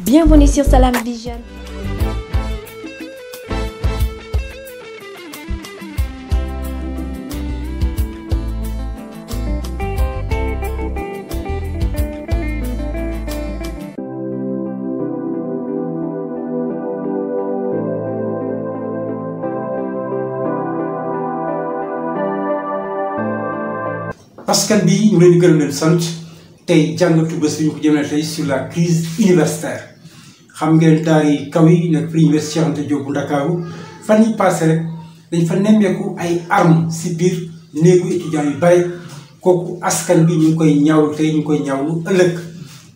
Bienvenue sur Salam Vision. askan bi ñu leen di tey jàngatu bés bi ñu ko jëmee tey sur la crise universitaire xam ngeen daal yi kaw yi nekk fi université Cheikh Anta Diop bu Ndakaaru fan yi passé rek dañ fa nemmeeku ay armes si biir néegu étudiants yu bari kooku askan bi ñu koy ñaawlu tey ñu koy koy ñaawlu ëllëg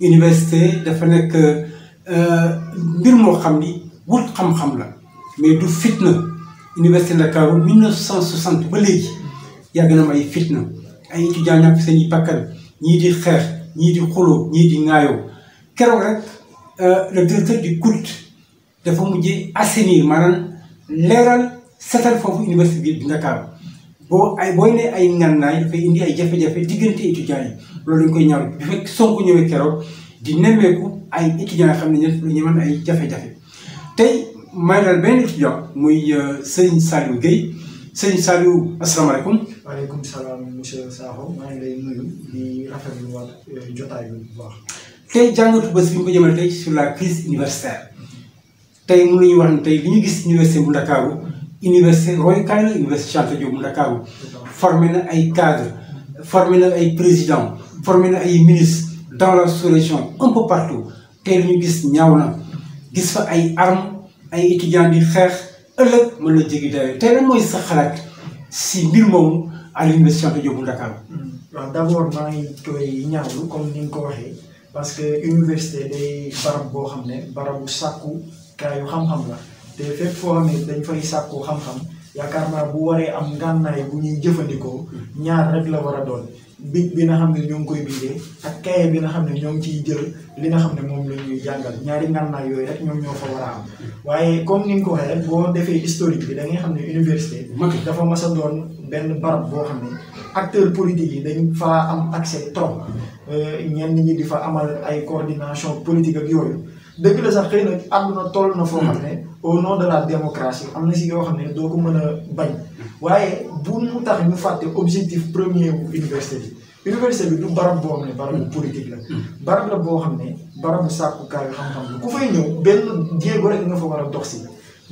université dafa nekk euh, mbir moo xam ni wut xam-xam la mais du fitna université Ndakaaru 1960 ba léegi yàgg na am ay fitna ay étudiants ñàkk seen i bakkan ñii di xeex ñii di xuloo ñii di ŋaayoo keroog rek euh, le directeur du culte dafa mujjee assainir maanaam leeral setal foofu université bi di Ndakaaru boo ay booy ne ay ngannaay dafay indi ay jafe-jafe diggante étudiants yi loolu dañ koy ñaaw bi fekk Sonko ñëwee keroog di nemmeeku ay étudiants yoo xam ne ñu ñemoon ay jafe-jafe tey may dal benn étudiant muy euh, Serigne Saliou Guèye Serigne Saliou asalaamaaleykum waaleykum salaam monsieur Sakho maa ngi lay nuyu di rafetlu wàll euh, bu baax. jàngatu bés bi ñu ko jëmale tey sur la crise universitaire tey mën nañu wax ne tey li ñu gis université bu Ndakaaru université royukaay la université Cheikh Anta Diop bu Ndakaaru formé na ay cadre formé na ay président formé na ay ministre dans la sous-région un peu partout tey li ñu gis ñaaw na gis fa ay armes ay étudiants di xeex ëllëg mën na jéggi dayoo tey lan mooy sa xalaat si mbir moomu. Aliou Mbese Santo Diop bu Ndakaaru. waaw d' abord comme ni nga ko waxee parce que université day boo xam ne barabu sàkku kaayu xam-xam la te fépp dañ fay sàkku xam-xam yaakaar naa waree am ngànnaay bu ñuy jëfandikoo ñaar rek la war a doon bic bi nga xam ne ñoo ngi koy bindee ak kaye bi nga xam ne ñoo ngi ciy jël li nga xam ne moom la ñuy jàngal ñaari ngànnaay yooyu ñoom ñoo fa war a am hmm. comme ni nga ko waxee boo defee historique bi da ngay xam ne université dafa mas a doon benn barab boo xam ne acteur politiques yi dañ faa am accès trop euh, ñenn ñi di fa amal ay coordination politique ak yooyu dëgg la sax xëy na àdduna toll na foo xam ne au nom de la démocratie am na si yoo xam ne doo ko mën a bañ waaye bu mu tax ñu fàtte objectif premier wu université bi université bi du barab boo xam ne barabu politique la barab la boo xam ne barabu sàkku kaayu xam-xam la ku fay ñëw benn jéego rek nga fa war a dox si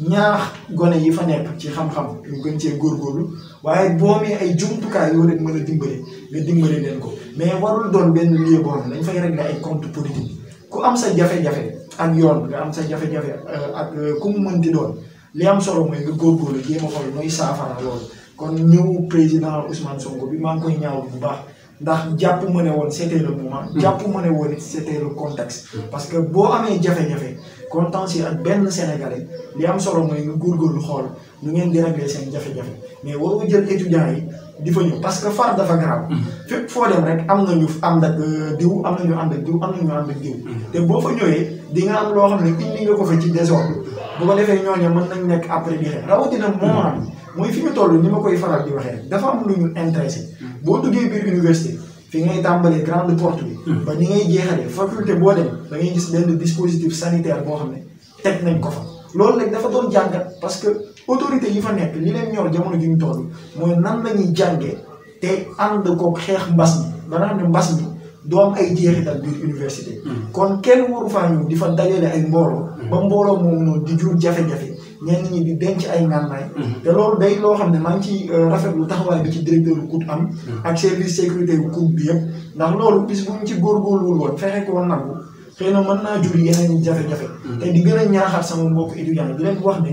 ñaax gone yi fa nekk ci xam-xam ñu gën cee góor góorgóorlu waaye boo mee ay jumtukaay yoo leen mën a dimbale nga dimbale leen ko mais warul doon benn lieu boo xam ne dañ fay régler ay compte politique ku am sa jafe-jafe ak yoon nga am sa jafe-jafe euh, ak euh, ku mu mënti doon li am solo mooy nga góorgóorlu jéem a xool mooy saafara loolu kon ñëw président Ousmane Sonko bi maa ngi koy ñaawlu bu baax ndax jàpp ma ne woon c'était le moment jàpp ma ne woon it c'était mm. parce que boo amee jafe contentieux ak benn sénégalais li am solo mooy nga góorgóorlu xool nu ngeen di régler seen jafe-jafe mais waroo jël étudiants yi di fa ñu parce que far dafa garaaw. Mm-hmm. fépp foo dem rek am na ñu ànd ak euh, diw am na ñu ànd ak diw am na ñu ànd ak diw. Mm-hmm. te boo fa ñëwee di nga am loo xam ne indi nga ko fa ci désordre bu ko defee ñooñu mën nañ nekk après di xeex rawatina mm-hmm. moment bi mooy fi ñu toll ni ma koy faral di waxee dafa am lu ñu intéressé boo duggee biir université. fi ngay tàmbalee grande porte bi. Hmm. ba ni ngay jeexalee faculté boo dem da ngay gis benn dispositif sanitaire boo xam ne teg nañ ko fa. loolu nag dafa doon jàngat parce que autorité yi fa nekk li leen ñor jamono ju ñu toll mooy nan la ñuy jàngee te ànd ko xeex mbas mi ba nga xam ne mbas mi doo ay jeexital biir université. Hmm. kon kenn waru faa ñu di fa dajale ay mbooloo. Hmm. ba mbooloo moom noonu di jur jafe-jafe. ñenn ñi di denc ay ngànnaay. Mhm. te loolu day loo xam ne maa ngi ciy euh, rafetlu taxawaay bi ci directeur bu COUD am. Mhm. ak service sécurité bu COUD bi yëpp. ndax loolu bis bu ñu ci góorgóorluwul woon fexe ko woon nangu xëy na mën naa jur yeneen jafe-jafe. Mhm. te di gën a ñaaxaat sama mbokk étudiants yi di leen wax ne.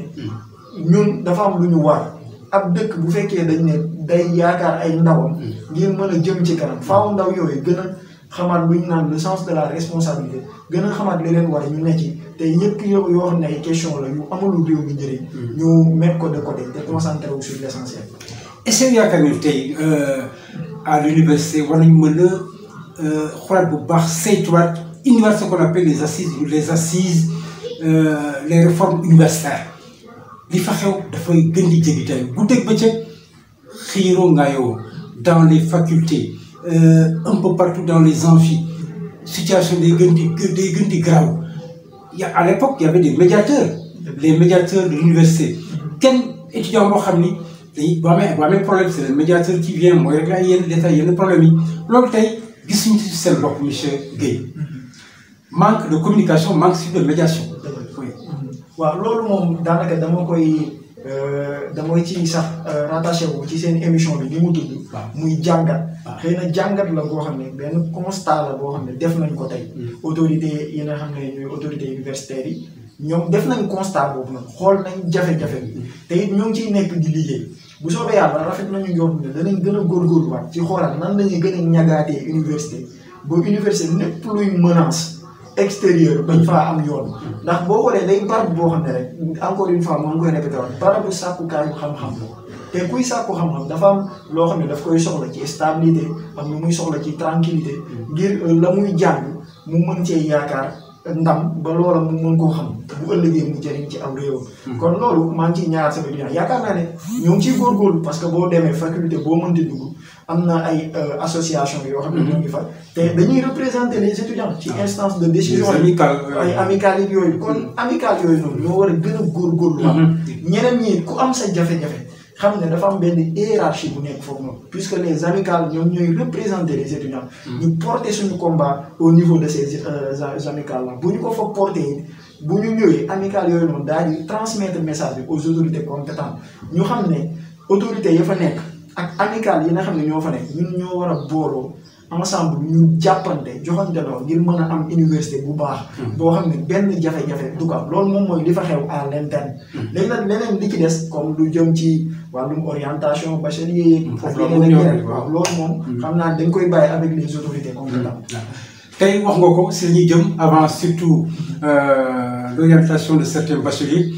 ñun dafa am lu ñu war. ab dëkk bu fekkee dañ ne day yaakaar ay ndawam. ngir mën a jëm ci kanam faaw ndaw yooyu gën a xamaat lu ñu naan le de la responsabilité gën a xamaat li leen war ñu ne ci te yëpp yoo yoo xam question la yu amul réew mi njëriñ. Mm. ñu mettre ko de côté te concentré wu sur l' essentiel. est-ce que yaakaar ni tey euh, à l'université war nañu mën a euh, xoolaat bu baax saytuwaat indiwaat ce qu'on appelle les assises les assises euh, les réformes universitaires li fa xew dafay gën di jéggi tey guddeeg bëccëg xiiroo ngaayoo dans les facultés un peu partout dans les amphis situation day gën di day gën di grave à l'époque il y avait des médiateurs les médiateurs de l'université kenn étudiant boo xam ni dañuy boo amee boo amee problème c'est le médiateur qui vient mooy rek la yenn détails yenn loolu tey gisuñu ci seen bopp monsieur Guèye manque de communication manque surtout de médiation waaw loolu moom daanaka dama koy euh, dama ci sax euh, rattaché wu ci seen émission bi ni mu tudd muy jàngat Ah. xëy na jàngat la boo xam ne benn constat la boo xam ne def nañ ko tey. Hmm. autorité yi nga xam ne ñooy autorité universitaires yi. ñoom def nañ constat boobu nag xool nañ jafe bi. Hmm. te it ñoo ngi nekk di liggéey. bu soobee yàlla rafet nañu njort ne danañ gën a góorgóorluwaat ci xoolal nan lañuy gën a ñagaatee université ba université lépp luy menace extérieur bañ faa am yoon. Hmm. ndax boo xoolee day barab boo xam ne rek encore une fois moom koy répété waat barabu sàkkukaayu xam-xam la. te kuy sàkku xam-xam dafa am loo xam ne daf koy soxla ci stabilité am na muy soxla ci tranquillité mm. ngir euh, la muy jàng mu mën cee yaakaar ndam ba loola mu mën koo xam bu ëllëgee mu jëriñ ci am réewam mm. kon loolu maa ngi ciy ñaar sama dina yaakaar naa ne ñoo ngi ciy góorgóorlu parce que boo demee faculté boo mënti dugg am na ay euh, association yoo xam ne mm-hmm. ñoo fa te mm-hmm. dañuy représenter les étudiants ci ah. instance de décision euh, ay amicale yooyu kon mm-hmm. amicale yooyu noonu ñoo war a gën a góorgóorlu ñeneen ñi ku am sa jafe-jafe xam ne dafa am benn hiérarchie bu nekk foofu noonu puisque les amicales ñoom ñooy représenter les étudiants. Hmm. ñu porter suñu combat au niveau de ces euh, amicales là bu ñu ko fa porter yi bu ñu ñëwee amicales yooyu noonu daal di transmettre message bi aux autorités compétentes ñu xam ne autorités yi fa nekk ak amicales yi nga xam ne ñoo fa nekk ñun ñoo war a booloo. ensemble ñu jàppante joxante loo ngir mën a am université bu baax. Hmm. boo xam ne benn jafe-jafe du ko loolu moom mooy li fa xew à l'interne. Hmm. léegi nag leneen li ci des comme lu jëm ci wàllum orientation bachelier. Hmm. foofu la mu ñëw moom. xam naa dañ koy bàyyi avec les autorités compétentes. tey wax nga ko si ñuy jëm avant surtout euh, l'orientation de certains bacheliers.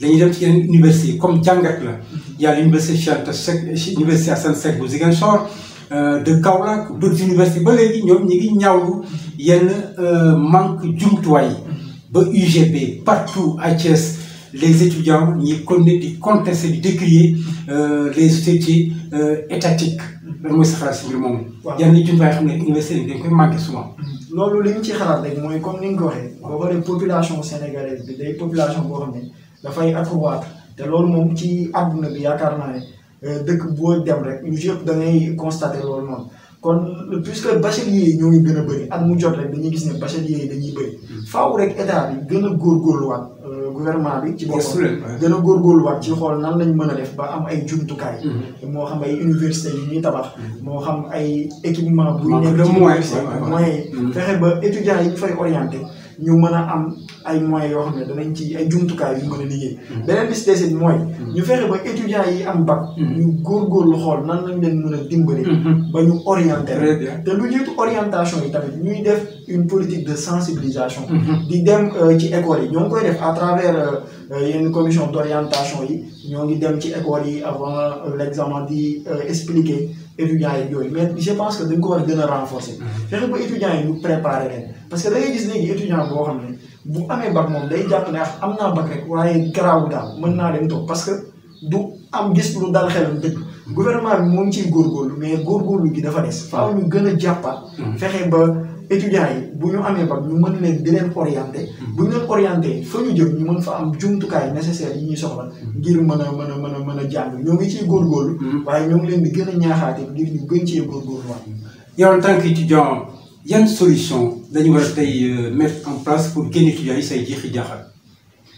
dañuy dem ci yeneen université comme jàngat la. y a l'université Cheikh Anta Seck université Assane Seck bu Ziguinchor. Euh, de Kaolack d'autres universités ba léegi ñoom ñi ngi ñaawlu yenn euh, manque jumtuwaay ba UGB partout à Thiès les étudiants ñi connaît di di décrier euh, les sociétés étatiques lan mooy sa xalaat si mbir moomu yenn jumtuwaay xam ne université yi dañ koy manqué souvent loolu li ñu ci xalaat rek mooy comme ni nga ko waxee boo population sénégalaise bi day population boo xam ne dafay accroître te loolu moom ci àdduna bi yaakaar naa ne Euh, dëkk boo dem rek ñu yëpp da ngay constater loolu kon puisque bachelier yi ñoo ngi gën a bëri at mu jot rek dañuy gis ne bachelier yi dañuy bëri mm-hmm. faaw rek état bi gën a góor góorgóorluwaat euh, gouvernement bi ci boppam gën a góor góorgóorluwaat ci xool nan lañ mën a def ba am ay jumtukaay mm-hmm. moo xam ay université yu ñuy tabax mm-hmm. moo xam ay équipement buy nekk ci moyens fexe ba étudiants yi ñu fay orienté ñu mën a am ay moyens yoo xam ne danañ ci ay jumtukaay yu mën a liggéey. Hmm. beneen bis des it mooy. Hmm. ñu fexe ba étudiants yi am bac. Hmm. ñu góor góor lu xool nan lañ leen mën a dimbali. ba ñu orienté te lu jiitu orientation yi tamit ñuy def une politique de sensibilisation. di dem euh, ci école yi ñoo ngi koy def à travers euh, euh, yenn commission d' yi. ñoo ngi dem ci école yi avant euh, l'examen di euh, expliqué étudiants yi yooyu mais je pense que dañ ko war a gën a renforcer. Mm-hmm. fexe ba étudiants yi ñu préparer leen parce que da ngay gis léegi étudiant boo xam ne bu amee bac moom day jàpp ne ah, am naa bac rek waaye garaawu daal mën naa dem toog parce que du am gis lu dal xelam dëkk. Mm-hmm. gouvernement bi moom ciy góorgóorlu mais góorgóorlu gi dafa des. faaw ñu gën a jàppaat. Mm-hmm. fexe ba étudiants yi bu ñu amee bac ñu mën leen di leen orienter. bu ñu leen orienté fa ñu jëm ñu mën fa am jumtukaay nécessaire yi ñuy soxla mm-hmm. ngir mën a mën a mën a mën a jàng ñoo ngi ciy góorgóorlu mm-hmm. waaye ñoo ngi leen di gën a ñaaxaate ngir ñu gën cee góorgóorlu waat yow en tant qu'étudiant yan solution dañu war a tey euh, mettre en place pour kenn étudiants yi say jeexi jaaxal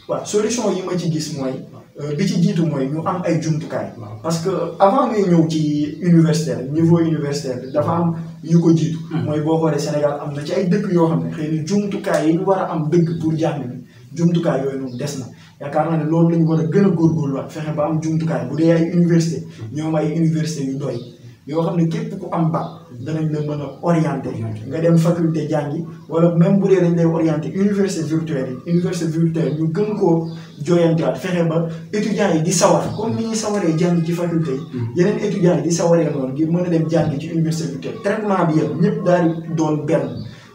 waaw solution yi ma ci gis mooy Euh, bi ci jiitu mooy ñu am ay jumtukaay. parce que avant ngay ñëw ci universitaire niveau universitaire dafa am yu ko jiitu. Hmm. mooy boo xoolee Sénégal am na ci ay dëkk yoo xam ne xëy na jumtukaay yi ñu war a am dëgg pour jàng bi jumtukaay yooyu noonu des na. yaakaar naa ne loolu lañu war a gën a góorgóorluwaat fexe ba am jumtukaay bu dee ay université hmm. ñoom ay université yu doy. yoo xam ne képp ku am bac danañ la mën a orienté nga dem faculté jàngi wala même bu dee dañ lay orienté université virtuelle yi université virtuelle ñu gën koo jooyantewaat fexe ba étudiants yi di sawar comme ni ñuy sawaree jàng ci faculté yi mm. yeneen étudiants yi di sawaree noonu ngir mën a dem jàngi ci université virtuelle traitement bi yëpp ñëpp daal di doon benn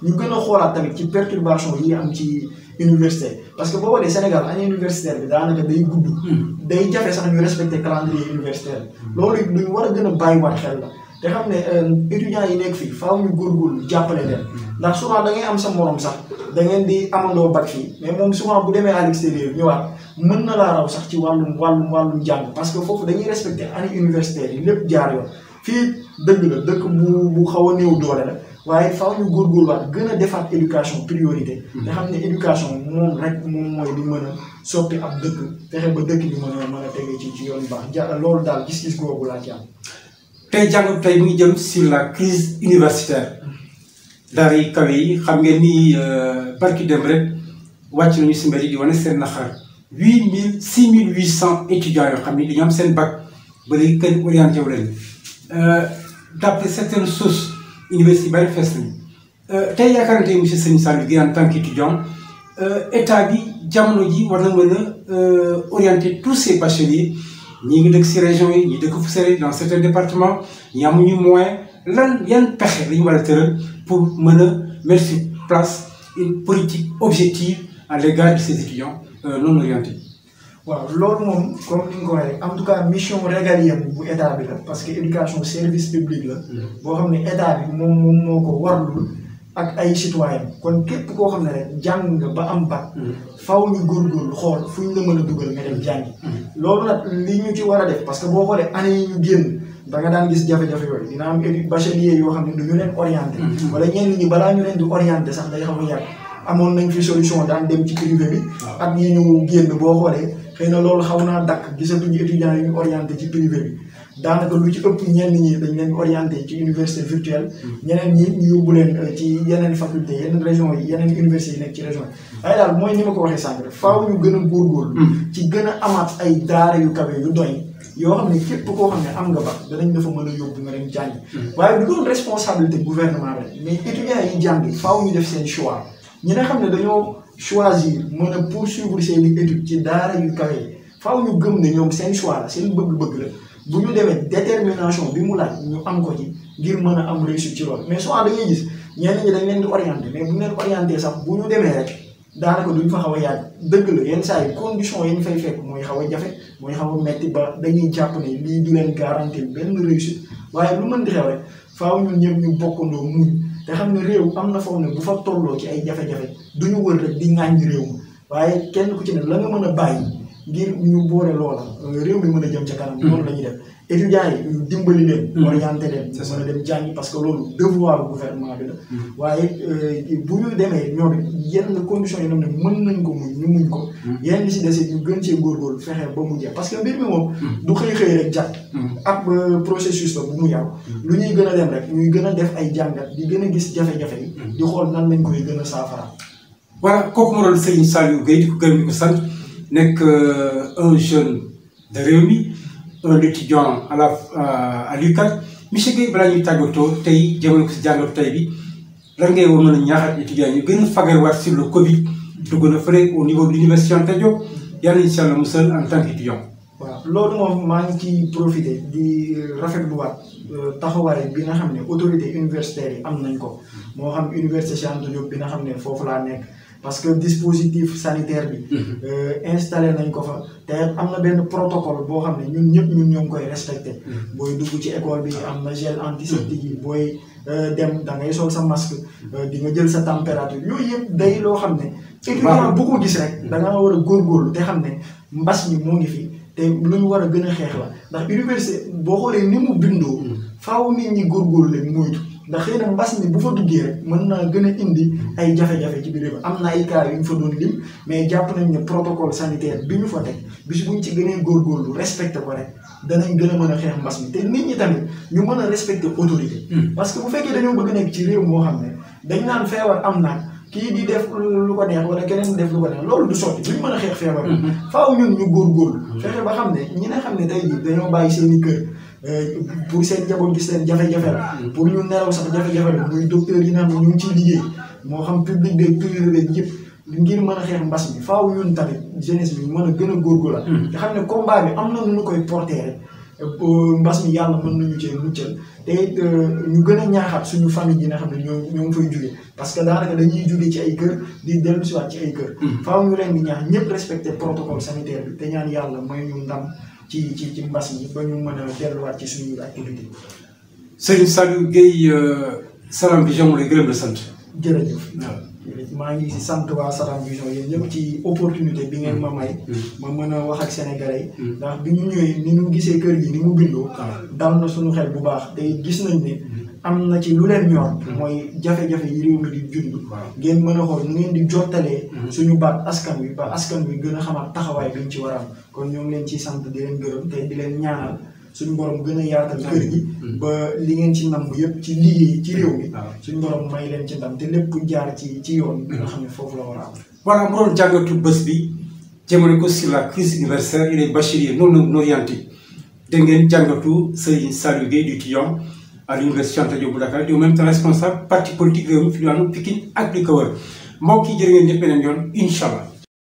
ñu gën a xoolaat tamit ci perturbation yi am ci universitaire parce que boo xoolee Sénégal année universitaire bi daanaka day gudd. Hmm. day jafe sax ñu respecté calendrier universitaire bi. loolu it war a gën a bàyyiwaat xel la te xam ne euh, étudiants yi nekk fii faw ñu góorgóorlu jàppale leen ndax souvent da ngay am sa morom sax da ngeen di amandoo bac fii mais moom souvent bu demee à ñëwaat mën na laa raw sax ci wàllum wàllum wàllum jàmm parce que foofu dañuy respecté année universitaire yi lépp jaar yoon fii dëgg la dëkk bu bu xaw a néew doole la. waaye góor ñu góorgóorluwaat gën a defaat éducation priorité. Mm-hmm. nga xam ne éducation moom rek moom mooy di mën a soppi ab dëkk fexe ba dëkk bi ma a mën a tege ci ci yoon baax ja loolu daal gis-gis googu laa ci te tey jàng tey mu ngi jëm sur la crise universitaire. daara yi kaw yi xam ngeen ni euh, barki dem rek wàcc nañu si mbir yi di wane seen naxar huit mille six mille huit cent étudiants yoo xam ni dañoo am seen bac bari léegi kenn orienté wu leen. Euh, d'après certaines sources. université yu bari fees euh, nañu tey yaakaar na tey monsieur Serigne Saliou Guèye en tant euh, état bi jamono ji war na mën a euh, orienter tous ces bacheliers ñii ngi dëkk si région yi ñi dëkk fu sori dans certains départements ñi ñu moyen lan yan pexe la ñu a tëral pour mën a mettre sur place une politique objective à l'égard de ces étudiants non orientés waaw loolu moom comme ni nga ko waxee en tout cas mission régalienne bu état bi la parce que éducation service public la. Hmm. boo xam ne état bi moom moom moo ko warlu ak ay citoyen kon képp koo xam ne rek jàng ba am bac. Hmm. faw ñu góorgóorlu xool fu ñu la mën a dugal nga dem hmm. loolu nag li ñu ci war a def parce que boo xoolee année yi ñu génn da gis jafe-jafe yooyu am édu bachelier yoo xam ne du ñu leen orienté. wala ñenn ñi balaa ñu leen di orienté sax day xaw a yàgg amoon nañ fi solution daan dem ci privé bi. Ah. ak ñi ñu génn boo xoolee. xëy na loolu xaw naa dàkk gis étudiants yi ñu orienté ci privé bi daanaka lu ci ëpp ñenn ñi dañ leen orienté ci université virtuelle hmm. ñeneen ñi ñu yóbbu leen euh, ci yeneen faculté yeneen région yi yeneen université yi nekk ci région yi waaye daal mooy ni ma ko waxee sànq rek faaw ñu gën góor góorgóorlu hmm. ci gën a amaat ay daara yu kawe yu doy yoo xam ne képp koo xam ne am nga ba danañ dafa mën a yóbbu nga dem jàngi hmm. waaye bu doon responsabilité gouvernement rek mais étudiants yi jàngi faaw ñu def seen choix choisir mën a poursuivre seen i ci daara yu kawe faaw ñu gëm ne ñoom seen choix la seen bëgg-bëgg la bu ñu demee détermination bi mu laaj ñu am ko ci ngir mën a am réussite ci loolu mais souvent dañuy gis ñenn ñi dañ leen di orienté mais bu ñu leen sax bu ñu demee rek daanaka duñ fa xaw a yàgg dëgg la yenn saa yi condition yi ñu fay fekk mooy xaw a jafe mooy xaw a metti ba dañuy jàpp nii lii du leen garantir benn réussite waaye lu mën di rek faaw ñun ñëpp ñu bokkandoo muñ te xam ne réew am na foo ne bu fa tolloo ay jafe-jafe du ñu wër rek di ŋàññi réew mi waaye kenn ku ci ne la nga mën a bàyyi. ngir ñu boole loola réew mi mën a jëm ca kanam. Hmm. loolu la ñuy def étudiants yi ñu dimbali leen. Hmm. orienté leen. c'est mën a dem jàngi parce que loolu devoir gouvernement bi la. Hmm. waaye euh, bu ñu demee ñoom yenn conditions yi nag mën nañ ko muñ ñu muñ ko. yenn li si dese ñu gën ci góor góorgóorlu fexe ba mu jeex parce que mbir mi moom. du xëy xëy rek jàpp. ab euh, processus la bu mu yàgg. lu ñuy gën a dem rek ñuy gën a def ay jàngat di gën a gis jafe-jafe yi. di xool nan lañ koy gën a saafara. voilà kooku moo doon Serigne Saliou nekk euh, un jeune de Rewmi un étudiant à la euh, à l'UCAD monsieur Guèye balaa ñuy tàggatoo tey jëmale ko si jàngatu tey bi lan ngay war a ñaaxaat étudiants ñu gën a fagarwaat sur le Covid dugg na fële au niveau de l'université Anta Diop yàlla incha allah musal en tant loolu moom maa ngi ciy profité di rafetluwaat euh, taxawaay bi nga xam ne autorité universitaire yi am nañ ko moo xam université Cheikh Anta Diop bi nga xam ne foofu laa nekk. parce que dispositif sanitaire bi. Mhm. Euh, installé nañ ko fa te am na benn protocole boo xam ne ñun ñëpp ñun ñoo ngi koy respecté. Mhm. booy dugg ci école bi ah. am na gel antiseptique yi mhm. booy euh, dem da ngay sol sa masque euh, di nga jël sa température yooyu yëpp day loo xam ne. étudiant bu ko gis rek war a góorgóorlu te xam ne mbas mi moo ngi fi te lu ñu war a gën a xeex la ndax université boo xoolee ni mu bindoo. faaw nit ñi góorle leen moytu. ndax xëy na mbas mi bu fa duggee rek mën naa gën a indi ay jafe-jafe ci biir am naa ay cas yu ñu fa doon lim mais jàpp nañ ne protocole sanitaire bi ñu fa teg bis buñ ci gënee góorgóorlu respecté ko danañ gën a mën a xeex mbas mi nit ñi tamit ñu mën a respecté autorité. Hmm. parce que bu fekkee dañoo bëgg nekk ci réew moo xam ne dañ naan feebar am na kii di def lu ko neex wala keneen def lu ko neex loolu du sotti duñ mën a xeex feebar. Hmm. faaw ñun ñu góorgóorlu. Hmm. fexe ba xam ne ñi nga xam ne tey dañoo bàyyi seen i kër Euh, pour seen njaboot gis leen jafe-jafe la pour ñu nelaw sax jafe-jafe la muy yi nga xam ne ñu ngi ciy liggéey moo xam public beeg privé beeg yëpp ngir mën a xeex mbas mi faaw ñun tamit jeunesse bi mën a gën a góorgóorlu hmm. te xam ne combat bi am na nu ñu koy porter rek euh, mbas mi yàlla mën nañu cee te it euh, ñu gën a ñaaxaat suñu famille yi nga xam ne ñoo ñoo ngi fay jugee parce que daanaka dañuy jugee ci ay kër di dellu siwaat ci ay kër hmm. faaw ñu ñaax ñëpp respecté protocole sanitaire bi te ñaan yàlla may ñu ndam ci ci ci mbas yi ba ñu mën a delluwaat ci suñu activité. Serigne Saliou Guèye euh, Salam Vision mu lay gërëm la sant. jërëjëf waaw. maa ngi sant waa Salam Vision yéen ñëpp ci opportunité bi ngeen ma mm. may. Mm. ma mën a wax ak sénégalais yi. Mm. ndax bi ñu ñëwee ni ñu gisee kër gi ni mu bindoo. Ah. dal na suñu xel bu baax te gis nañ ne. am na ci lu leen ñor. mooy jafe-jafe yi réew mi di jund ngeen mën a xool nu ngeen di jottalee. Mm-hmm. suñu baat askan wi ba askan wi gën a xamaat taxawaay biñ ci war a kon ñoo ngi leen ci sant di leen gërëm te di leen ñaanal suñu boroom gën a yaatal kër gi. Mm-hmm. ba li ngeen ci namb yëpp ci liggéey ci réew mi. suñu borom may leen ci ndam te lépp jaar ci ci yoon. nga xam ne foofu la war a am. voilà jàngatu bés bi jëmale ko sur la crise universitaire il est bachelier non non orienté dégg ngeen jàngatu Serigne Saliou Gueye du Tiyon à l'université Anta Diop bu Dakar di même responsable parti politique réew mi fi diwaanu Pikine ak li ko wër mbokk yi jërë ngeen jëf beneen yoon incha allah